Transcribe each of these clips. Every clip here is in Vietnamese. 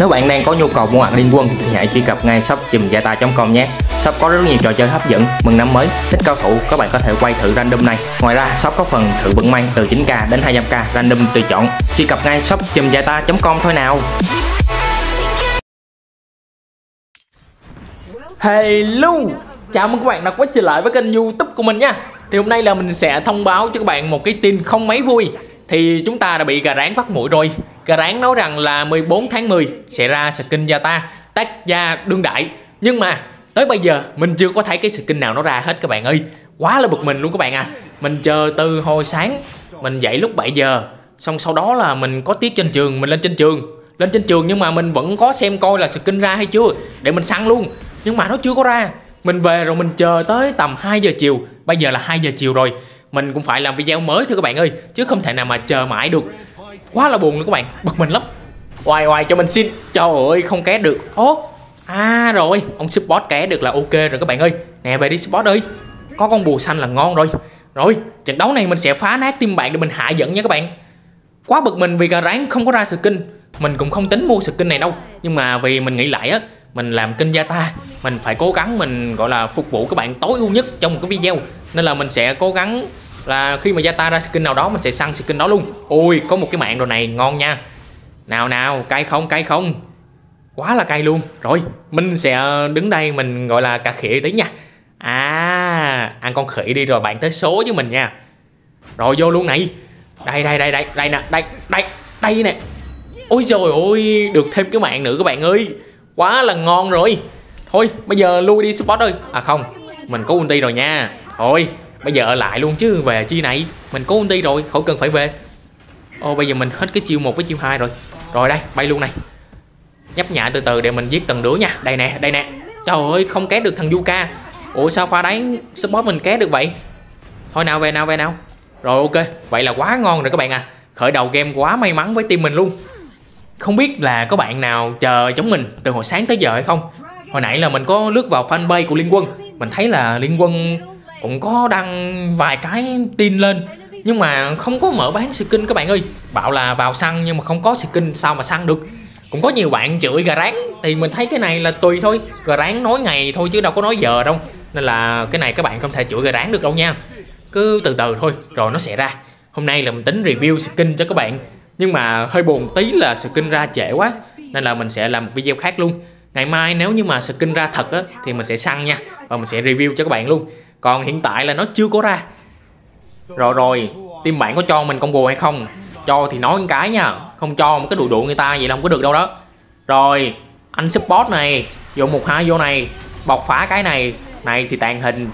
Nếu bạn đang có nhu cầu mua hàng liên quân thì hãy truy cập ngay shop chùm com nhé. Shop có rất nhiều trò chơi hấp dẫn, mừng năm mới, thích cao thủ các bạn có thể quay thử random này. Ngoài ra shop có phần thử vận may từ 9k đến 200k random tùy chọn. Truy cập ngay shop chùm com thôi nào. Hello, chào mừng các bạn đã quay trở lại với kênh YouTube của mình nha. Thì hôm nay là mình sẽ thông báo cho các bạn một cái tin không mấy vui. Thì chúng ta đã bị gà rán phát mũi rồi Garang nói rằng là 14 tháng 10 sẽ ra skin ta tác gia đương đại nhưng mà tới bây giờ mình chưa có thấy cái skin nào nó ra hết các bạn ơi quá là bực mình luôn các bạn à mình chờ từ hồi sáng mình dậy lúc 7 giờ xong sau đó là mình có tiết trên trường mình lên trên trường lên trên trường nhưng mà mình vẫn có xem coi là skin ra hay chưa để mình săn luôn nhưng mà nó chưa có ra mình về rồi mình chờ tới tầm 2 giờ chiều bây giờ là 2 giờ chiều rồi mình cũng phải làm video mới thôi các bạn ơi chứ không thể nào mà chờ mãi được quá là buồn luôn các bạn bực mình lắm hoài hoài cho mình xin trời ơi không ké được ô à rồi ông support ké được là ok rồi các bạn ơi nè về đi support ơi có con bùa xanh là ngon rồi rồi trận đấu này mình sẽ phá nát team bạn để mình hạ dẫn nha các bạn quá bực mình vì gà ráng không có ra skin mình cũng không tính mua skin này đâu nhưng mà vì mình nghĩ lại á mình làm kinh gia ta mình phải cố gắng mình gọi là phục vụ các bạn tối ưu nhất trong một cái video nên là mình sẽ cố gắng là khi mà gia ta ra skin nào đó mình sẽ săn skin đó luôn Ui có một cái mạng đồ này ngon nha nào nào cay không cay không quá là cay luôn rồi mình sẽ ờ, đứng đây mình gọi là cà khỉ tí nha à ăn con khỉ đi rồi bạn tới số với mình nha rồi vô luôn này đây đây đây đây đây nè đây đây đây nè ôi trời ơi được thêm cái mạng nữa các bạn ơi quá là ngon rồi thôi bây giờ lui đi support ơi à không mình có ulti rồi nha thôi Bây giờ ở lại luôn chứ về chi này Mình có đi rồi khỏi cần phải về Ô bây giờ mình hết cái chiêu một với chiêu hai rồi Rồi đây bay luôn này Nhấp nhả từ từ để mình giết từng đứa nha Đây nè đây nè Trời ơi không két được thằng Yuka Ủa sao pha đấy support mình két được vậy Thôi nào về nào về nào Rồi ok vậy là quá ngon rồi các bạn à Khởi đầu game quá may mắn với team mình luôn Không biết là có bạn nào chờ chống mình từ hồi sáng tới giờ hay không Hồi nãy là mình có lướt vào fanpage của Liên Quân Mình thấy là Liên Quân cũng có đăng vài cái tin lên nhưng mà không có mở bán skin các bạn ơi bảo là vào săn nhưng mà không có skin sao mà săn được cũng có nhiều bạn chửi gà ráng thì mình thấy cái này là tùy thôi gà ráng nói ngày thôi chứ đâu có nói giờ đâu nên là cái này các bạn không thể chửi gà ráng được đâu nha cứ từ từ thôi rồi nó sẽ ra hôm nay là mình tính review skin cho các bạn nhưng mà hơi buồn tí là skin ra trễ quá nên là mình sẽ làm một video khác luôn ngày mai nếu như mà skin ra thật á, thì mình sẽ săn nha và mình sẽ review cho các bạn luôn còn hiện tại là nó chưa có ra rồi rồi team bạn có cho mình combo hay không cho thì nói một cái nha không cho một cái đùi đụ người ta vậy là không có được đâu đó rồi anh support này dùng một hai vô này bọc phá cái này này thì tàn hình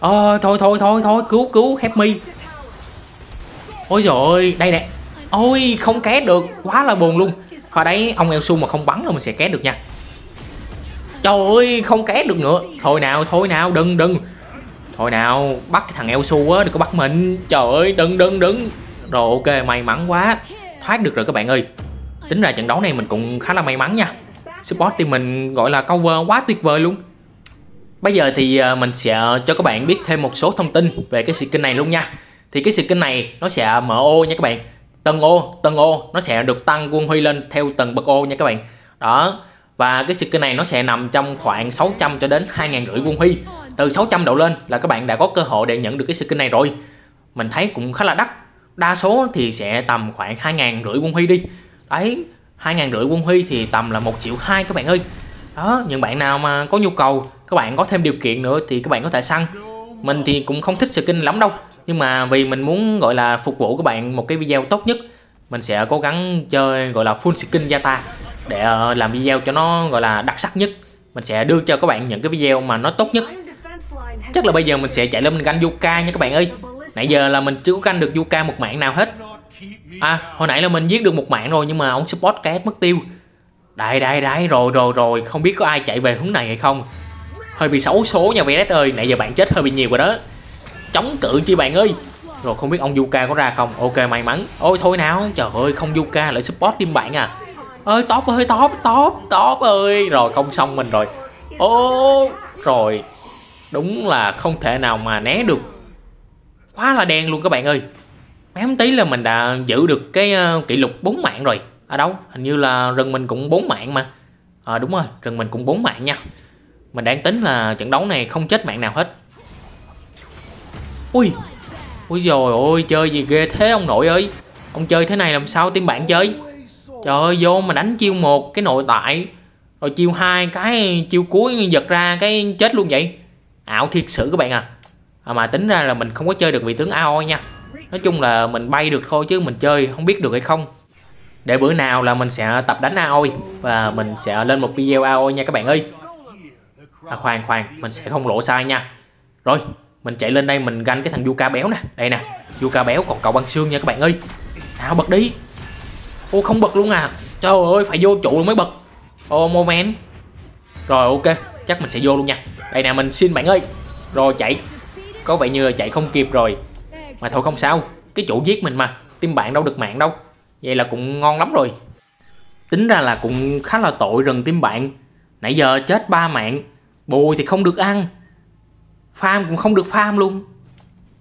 ờ thôi thôi thôi thôi cứu cứu help me ôi rồi đây nè ôi không ké được quá là buồn luôn hồi đấy ông eo mà không bắn là mình sẽ ké được nha trời ơi không ké được nữa thôi nào thôi nào đừng đừng Thôi nào Bắt cái thằng eo su á Đừng có bắt mình Trời ơi đừng đừng đừng Rồi ok may mắn quá Thoát được rồi các bạn ơi Tính ra trận đấu này mình cũng khá là may mắn nha Support team mình gọi là cover quá tuyệt vời luôn Bây giờ thì à, mình sẽ cho các bạn biết thêm một số thông tin về cái skin này luôn nha Thì cái skin này nó sẽ mở ô nha các bạn Tầng ô, tầng ô nó sẽ được tăng quân huy lên theo tầng bậc ô nha các bạn Đó, và cái skin này nó sẽ nằm trong khoảng 600 cho đến 2.500 quân huy từ 600 độ lên là các bạn đã có cơ hội để nhận được cái skin này rồi mình thấy cũng khá là đắt đa số thì sẽ tầm khoảng hai ngàn rưỡi quân huy đi đấy hai ngàn rưỡi quân huy thì tầm là một triệu hai các bạn ơi đó những bạn nào mà có nhu cầu các bạn có thêm điều kiện nữa thì các bạn có thể săn mình thì cũng không thích skin lắm đâu nhưng mà vì mình muốn gọi là phục vụ các bạn một cái video tốt nhất mình sẽ cố gắng chơi gọi là full skin ta để ờ, làm video cho nó gọi là đặc sắc nhất mình sẽ đưa cho các bạn những cái video mà nó tốt nhất chắc là bây giờ mình sẽ chạy lên mình ganh Yuka nha các bạn ơi nãy giờ là mình chưa có ganh được Yuka một mạng nào hết à hồi nãy là mình giết được một mạng rồi nhưng mà ông support KS mất tiêu đây đây đây rồi rồi rồi không biết có ai chạy về hướng này hay không hơi bị xấu số nha VS ơi nãy giờ bạn chết hơi bị nhiều rồi đó chống cự chi bạn ơi rồi không biết ông Yuka có ra không ok may mắn ôi thôi nào trời ơi không Yuka lại support team bạn à ơi top ơi top top top ơi rồi không xong mình rồi ô rồi đúng là không thể nào mà né được quá là đen luôn các bạn ơi mém tí là mình đã giữ được cái ờ, kỷ lục bốn mạng rồi ở à đâu hình như là rừng mình cũng bốn mạng mà à, đúng rồi rừng mình cũng bốn mạng nha mình đang tính là trận đấu này không chết mạng nào hết ui ui rồi ôi chơi gì ghê thế ông nội ơi ông chơi thế này làm sao team bạn chơi trời ơi vô mà đánh chiêu một cái nội tại rồi chiêu hai cái chiêu cuối giật ra cái chết luôn vậy ảo thiệt sự các bạn à. à mà tính ra là mình không có chơi được vị tướng ao nha nói chung là mình bay được thôi chứ mình chơi không biết được hay không để bữa nào là mình sẽ tập đánh AOI và mình sẽ lên một video AOI nha các bạn ơi à khoan khoan mình sẽ không lộ sai nha rồi mình chạy lên đây mình ganh cái thằng Yuka béo nè đây nè Yuka béo còn cậu băng xương nha các bạn ơi nào bật đi ô không bật luôn à trời ơi phải vô trụ mới bật ô moment rồi ok chắc mình sẽ vô luôn nha đây nè mình xin bạn ơi rồi chạy có vẻ như là chạy không kịp rồi mà thôi không sao cái chủ giết mình mà tim bạn đâu được mạng đâu vậy là cũng ngon lắm rồi tính ra là cũng khá là tội rừng tim bạn nãy giờ chết ba mạng bùi thì không được ăn farm cũng không được farm luôn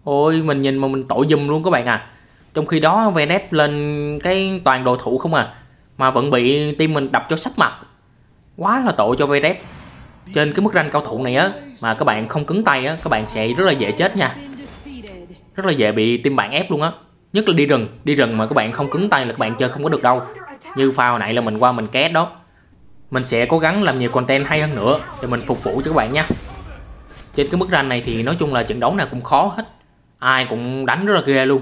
ôi mình nhìn mà mình tội dùm luôn các bạn à trong khi đó Venet lên cái toàn đồ thủ không à mà vẫn bị team mình đập cho sách mặt quá là tội cho Venet trên cái mức ranh cao thủ này á mà các bạn không cứng tay á các bạn sẽ rất là dễ chết nha rất là dễ bị team bạn ép luôn á nhất là đi rừng đi rừng mà các bạn không cứng tay là các bạn chơi không có được đâu như pha hồi nãy là mình qua mình két đó mình sẽ cố gắng làm nhiều content hay hơn nữa để mình phục vụ cho các bạn nha trên cái mức ranh này thì nói chung là trận đấu nào cũng khó hết ai cũng đánh rất là ghê luôn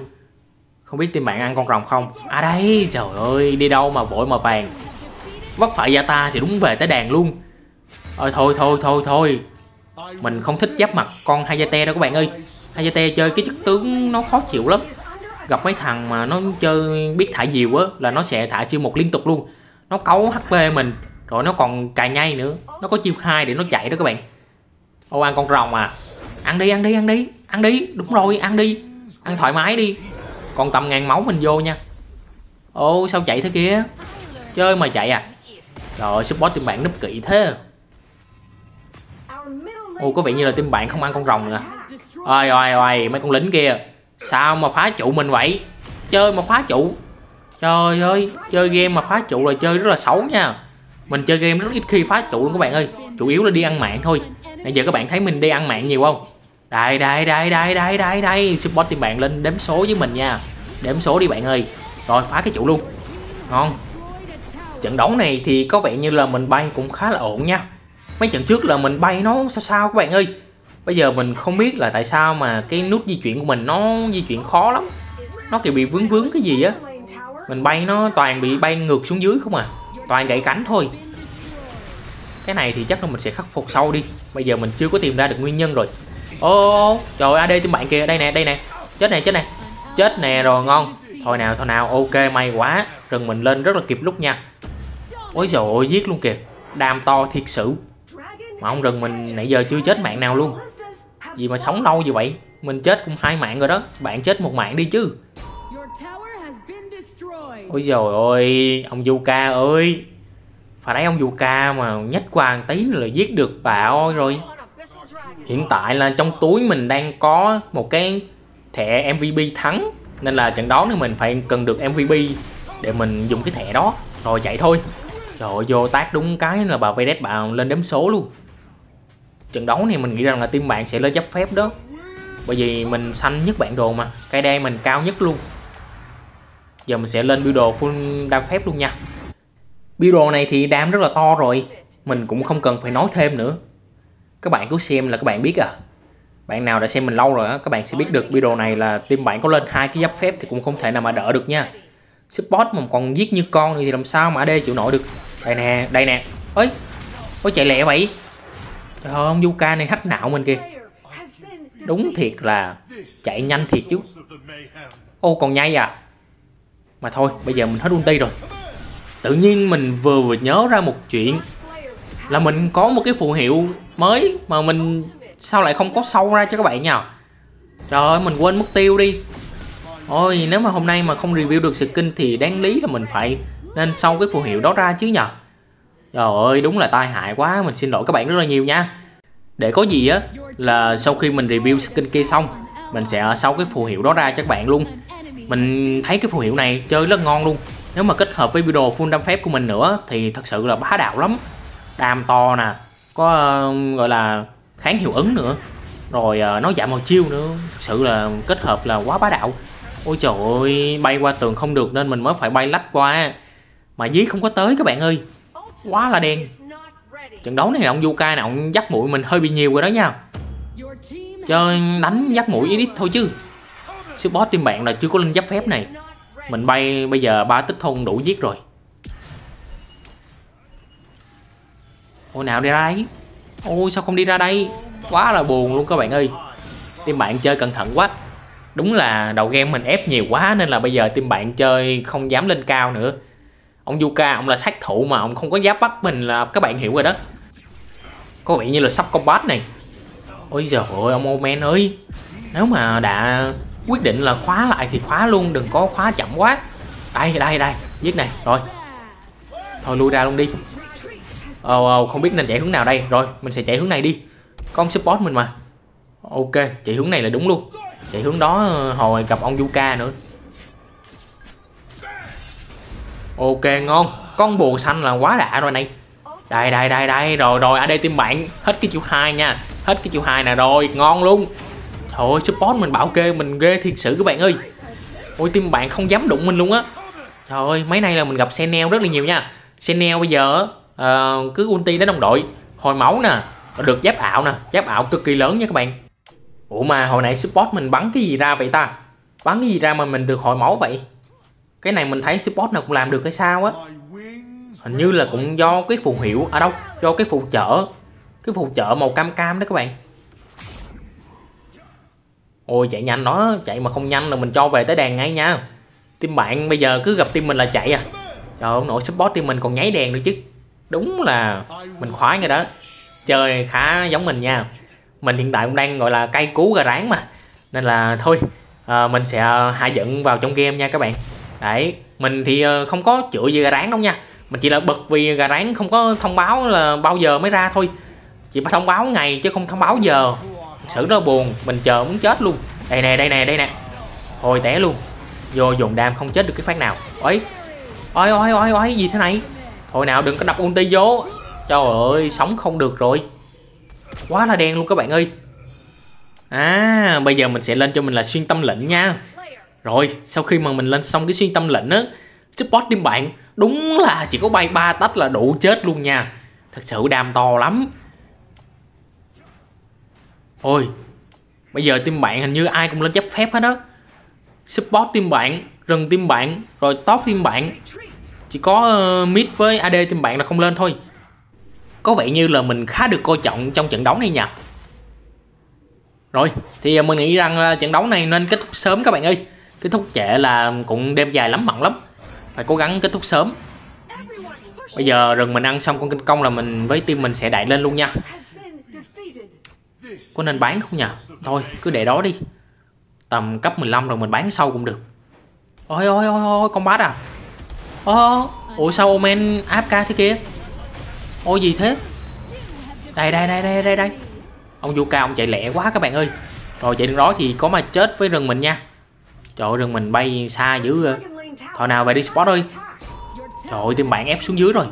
không biết team bạn ăn con rồng không à đây trời ơi đi đâu mà vội mà vàng vấp phải gia ta thì đúng về tới đàn luôn Ờ thôi thôi thôi thôi Mình không thích giáp mặt con Hayate đâu các bạn ơi Hayate chơi cái chức tướng nó khó chịu lắm Gặp mấy thằng mà nó chơi biết thả diều á Là nó sẽ thả chiêu một liên tục luôn Nó cấu HP mình Rồi nó còn cài nhay nữa Nó có chiêu hai để nó chạy đó các bạn Ô ăn con rồng à Ăn đi ăn đi ăn đi Ăn đi đúng rồi ăn đi Ăn thoải mái đi Còn tầm ngàn máu mình vô nha Ô sao chạy thế kia Chơi mà chạy à Trời support team bạn núp kỵ thế Ồ có vẻ như là team bạn không ăn con rồng nữa Ôi ôi ôi mấy con lính kia Sao mà phá trụ mình vậy Chơi mà phá trụ Trời ơi chơi game mà phá trụ là chơi rất là xấu nha Mình chơi game rất ít khi phá trụ luôn các bạn ơi Chủ yếu là đi ăn mạng thôi Nãy giờ các bạn thấy mình đi ăn mạng nhiều không Đây đây đây đây đây đây đây Support team bạn lên đếm số với mình nha Đếm số đi bạn ơi Rồi phá cái trụ luôn Ngon Trận đấu này thì có vẻ như là mình bay cũng khá là ổn nha mấy trận trước là mình bay nó sao sao các bạn ơi bây giờ mình không biết là tại sao mà cái nút di chuyển của mình nó di chuyển khó lắm nó kiểu bị vướng vướng cái gì á mình bay nó toàn bị bay ngược xuống dưới không à toàn gãy cánh thôi cái này thì chắc là mình sẽ khắc phục sau đi bây giờ mình chưa có tìm ra được nguyên nhân rồi ô oh, trời ad tim bạn kìa đây nè đây nè chết nè chết nè chết nè rồi ngon thôi nào thôi nào ok may quá rừng mình lên rất là kịp lúc nha ôi rồi giết luôn kìa đam to thiệt sự mà ông rừng mình nãy giờ chưa chết mạng nào luôn vì mà sống lâu như vậy mình chết cũng hai mạng rồi đó bạn chết một mạng đi chứ ôi giời ơi ông Yuka ơi phải đấy ông Yuka mà nhách qua tí là giết được bà ôi rồi hiện tại là trong túi mình đang có một cái thẻ MVP thắng nên là trận đấu này mình phải cần được MVP để mình dùng cái thẻ đó rồi chạy thôi trời ơi, vô tác đúng cái là bà Vedet bà lên đếm số luôn trận đấu này mình nghĩ rằng là team bạn sẽ lên chấp phép đó bởi vì mình xanh nhất bản đồ mà cây đen mình cao nhất luôn giờ mình sẽ lên biểu đồ full đam phép luôn nha biểu đồ này thì đam rất là to rồi mình cũng không cần phải nói thêm nữa các bạn cứ xem là các bạn biết à bạn nào đã xem mình lâu rồi á các bạn sẽ biết được biểu đồ này là team bạn có lên hai cái giáp phép thì cũng không thể nào mà đỡ được nha support mà còn giết như con thì làm sao mà AD chịu nổi được đây nè đây nè ơi, ôi chạy lẹ vậy Trời ơi, ông Yuka này hách não mình kìa Đúng thiệt là chạy nhanh thiệt chứ Ô còn nhây à Mà thôi bây giờ mình hết ulti rồi Tự nhiên mình vừa vừa nhớ ra một chuyện Là mình có một cái phù hiệu mới Mà mình sao lại không có sâu ra cho các bạn nhờ Trời ơi mình quên mất tiêu đi Ôi nếu mà hôm nay mà không review được skin thì đáng lý là mình phải nên sâu cái phù hiệu đó ra chứ nhờ trời ơi đúng là tai hại quá mình xin lỗi các bạn rất là nhiều nha để có gì á là sau khi mình review skin kia xong mình sẽ sau cái phù hiệu đó ra cho các bạn luôn mình thấy cái phù hiệu này chơi rất ngon luôn nếu mà kết hợp với video full đam phép của mình nữa thì thật sự là bá đạo lắm đam to nè có uh, gọi là kháng hiệu ứng nữa rồi uh, nó giảm màu chiêu nữa thật sự là kết hợp là quá bá đạo ôi trời ơi bay qua tường không được nên mình mới phải bay lách qua mà dí không có tới các bạn ơi quá là đen trận đấu này ông Yuka này ông dắt mũi mình hơi bị nhiều rồi đó nha chơi đánh dắt mũi ít thôi chứ support team bạn là chưa có lên giáp phép này mình bay bây giờ ba tích thôn đủ giết rồi ôi nào đi ra đấy ôi sao không đi ra đây quá là buồn luôn các bạn ơi team bạn chơi cẩn thận quá đúng là đầu game mình ép nhiều quá nên là bây giờ team bạn chơi không dám lên cao nữa ông Yuka ông là sát thủ mà ông không có giáp bắt mình là các bạn hiểu rồi đó có vẻ như là sắp combat này ôi giờ ơi ông Omen ơi nếu mà đã quyết định là khóa lại thì khóa luôn đừng có khóa chậm quá đây đây đây giết này rồi thôi lui ra luôn đi ờ, ờ không biết nên chạy hướng nào đây rồi mình sẽ chạy hướng này đi con support mình mà ok chạy hướng này là đúng luôn chạy hướng đó ờ, hồi gặp ông Yuka nữa ok ngon con bùa xanh là quá đã rồi này đây đây đây đây rồi rồi ở đây team bạn hết cái chữ hai nha hết cái chữ hai nè rồi ngon luôn thôi support mình bảo kê mình ghê thiệt sự các bạn ơi ôi team bạn không dám đụng mình luôn á trời ơi mấy nay là mình gặp xe neo rất là nhiều nha xe neo bây giờ uh, cứ ulti đến đồng đội hồi máu nè được giáp ảo nè giáp ảo cực kỳ lớn nha các bạn ủa mà hồi nãy support mình bắn cái gì ra vậy ta bắn cái gì ra mà mình được hồi máu vậy cái này mình thấy support nào cũng làm được hay sao á hình như là cũng do cái phù hiệu ở à đâu do cái phù trợ cái phù trợ màu cam cam đó các bạn ôi chạy nhanh nó chạy mà không nhanh là mình cho về tới đèn ngay nha team bạn bây giờ cứ gặp team mình là chạy à trời ơi nội support team mình còn nháy đèn nữa chứ đúng là mình khoái rồi đó chơi khá giống mình nha mình hiện tại cũng đang gọi là cay cú gà rán mà nên là thôi à, mình sẽ ờ, hạ dựng vào trong game nha các bạn đấy mình thì ờ, không có chữa gì gà rán đâu nha mình chỉ là bực vì gà rán không có thông báo là bao giờ mới ra thôi chỉ thông báo ngày chứ không thông báo giờ xử nó buồn mình chờ muốn chết luôn đây nè đây nè đây nè hồi té luôn vô dùng đam không chết được cái phát nào ấy ôi ôi ôi ôi gì thế này thôi nào đừng có đập ulti vô trời ơi sống không được rồi quá là đen luôn các bạn ơi à bây giờ mình sẽ lên cho mình là xuyên tâm lệnh nha rồi, sau khi mà mình lên xong cái xuyên tâm lệnh á, support team bạn đúng là chỉ có bay ba tách là đủ chết luôn nha. Thật sự đam to lắm. Ôi, bây giờ team bạn hình như ai cũng lên chấp phép hết á. Support team bạn, rừng team bạn, rồi top team bạn. Chỉ có uh, mid với AD team bạn là không lên thôi. Có vẻ như là mình khá được coi trọng trong trận đấu này nha. Rồi, thì mình nghĩ rằng ờ, trận đấu này nên kết thúc sớm các bạn ơi kết thúc trễ là cũng đêm dài lắm mặn lắm phải cố gắng kết thúc sớm bây giờ rừng mình ăn xong con kinh công là mình với team mình sẽ đại lên luôn nha có nên bán không nhỉ thôi cứ để đó đi tầm cấp 15 rồi mình bán sau cũng được ôi ôi ôi ôi con bát à ô ủa sao omen áp ca thế kia ôi gì thế đây đây đây đây đây đây ông cao ông chạy lẹ quá các bạn ơi rồi chạy đường đó thì có mà chết với rừng mình nha Trời ơi, rừng mình bay xa dữ rồi. À. Thôi nào về đi Spot ơi Trời ơi, team bạn ép xuống dưới rồi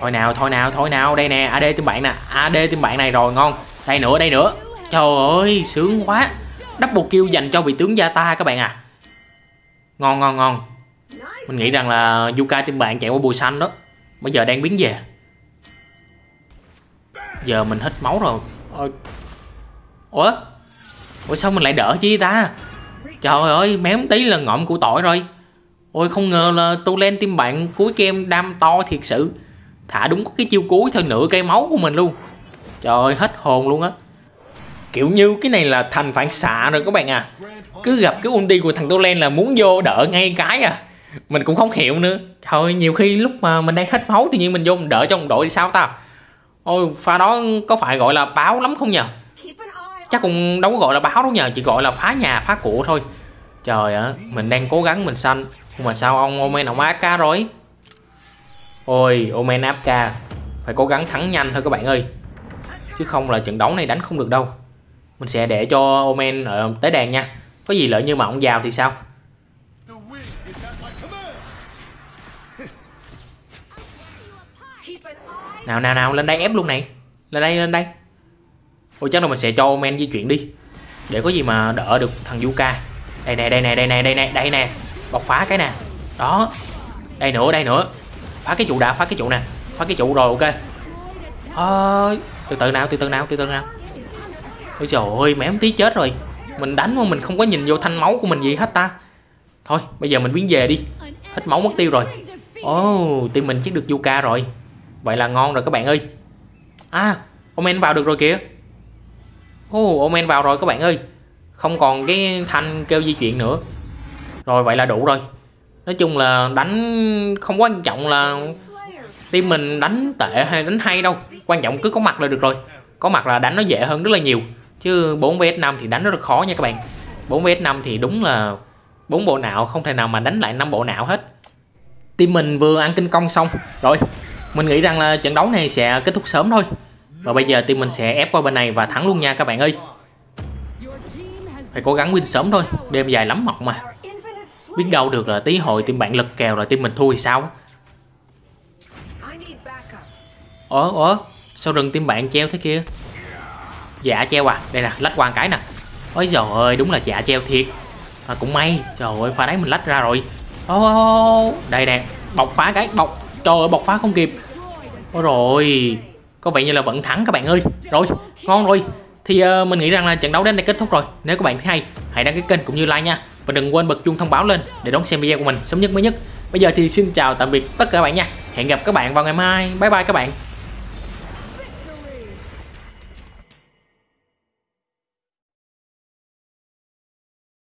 Thôi nào, thôi nào, thôi nào Đây nè, AD team bạn nè AD team bạn này rồi, ngon Đây nữa, đây nữa Trời ơi, sướng quá Double kill dành cho vị tướng Yata các bạn à Ngon, ngon, ngon Mình nghĩ rằng là Yuka team bạn chạy qua bùi xanh đó Bây giờ đang biến về Giờ mình hết máu rồi Ủa Ủa sao mình lại đỡ chi ta trời ơi mém tí là ngộm củ tỏi rồi ôi không ngờ là tu len tim bạn cuối kem đam to thiệt sự thả đúng có cái chiêu cuối thôi nửa cây máu của mình luôn trời ơi hết hồn luôn á kiểu như cái này là thành phản xạ rồi các bạn à cứ gặp cái ulti của thằng tu len là muốn vô đỡ ngay cái à mình cũng không hiểu nữa thôi nhiều khi lúc mà mình đang hết máu tự nhiên mình vô mình đỡ cho đồng đội thì sao ta ôi pha đó có phải gọi là báo lắm không nhờ chắc cũng đâu có gọi là báo đâu nhờ chỉ gọi là phá nhà phá cụ thôi trời ạ mình đang cố gắng mình xanh nhưng mà sao ông omen ông ak rồi ôi omen ak phải cố gắng thắng nhanh thôi các bạn ơi chứ không là trận đấu này đánh không được đâu mình sẽ để cho omen ở ờ, tới đàn nha có gì lỡ như mà ông vào thì sao nào nào nào lên đây ép luôn này lên đây lên đây Ôi chắc là mình sẽ cho men di chuyển đi Để có gì mà đỡ được thằng Yuka Đây nè, đây nè, đây nè, đây nè, đây nè Bọc phá cái nè Đó Đây nữa, đây nữa Phá cái trụ đã, phá cái trụ nè Phá cái trụ rồi, ok à, Từ từ nào, từ từ nào, từ từ nào Ôi trời ơi, mẹ tí chết rồi Mình đánh mà mình không có nhìn vô thanh máu của mình gì hết ta Thôi, bây giờ mình biến về đi Hết máu mất tiêu rồi Ồ, oh, team mình chiến được Yuka rồi Vậy là ngon rồi các bạn ơi À, Omen vào được rồi kìa Ô, oh, Omen vào rồi các bạn ơi Không còn cái thanh kêu di chuyển nữa Rồi vậy là đủ rồi Nói chung là đánh không quan trọng là Team mình đánh tệ hay đánh hay đâu Quan trọng cứ có mặt là được rồi Có mặt là đánh nó dễ hơn rất là nhiều Chứ 4 vs 5 thì đánh rất là khó nha các bạn 4 vs 5 thì đúng là bốn bộ não không thể nào mà đánh lại năm bộ não hết Team mình vừa ăn kinh công xong Rồi mình nghĩ rằng là trận đấu này sẽ kết thúc sớm thôi và bây giờ team mình sẽ ép qua bên này và thắng luôn nha các bạn ơi Phải cố gắng win sớm thôi Đêm dài lắm mọc mà Biết đâu được là tí hồi team bạn lật kèo rồi team mình thua thì sao Ủa ủa Sao rừng team bạn treo thế kia Dạ treo à Đây nè lách qua cái nè Ôi giời ơi đúng là dạ treo thiệt mà Cũng may Trời ơi pha đấy mình lách ra rồi ô oh, Đây nè bọc phá cái bọc Trời ơi bọc phá không kịp Ôi rồi có vẻ như là vẫn thắng các bạn ơi rồi ngon rồi thì uh, mình nghĩ rằng là trận đấu đến đây kết thúc rồi nếu các bạn thấy hay hãy đăng ký kênh cũng như like nha và đừng quên bật chuông thông báo lên để đón xem video của mình sớm nhất mới nhất bây giờ thì xin chào tạm biệt tất cả các bạn nha hẹn gặp các bạn vào ngày mai bye bye các bạn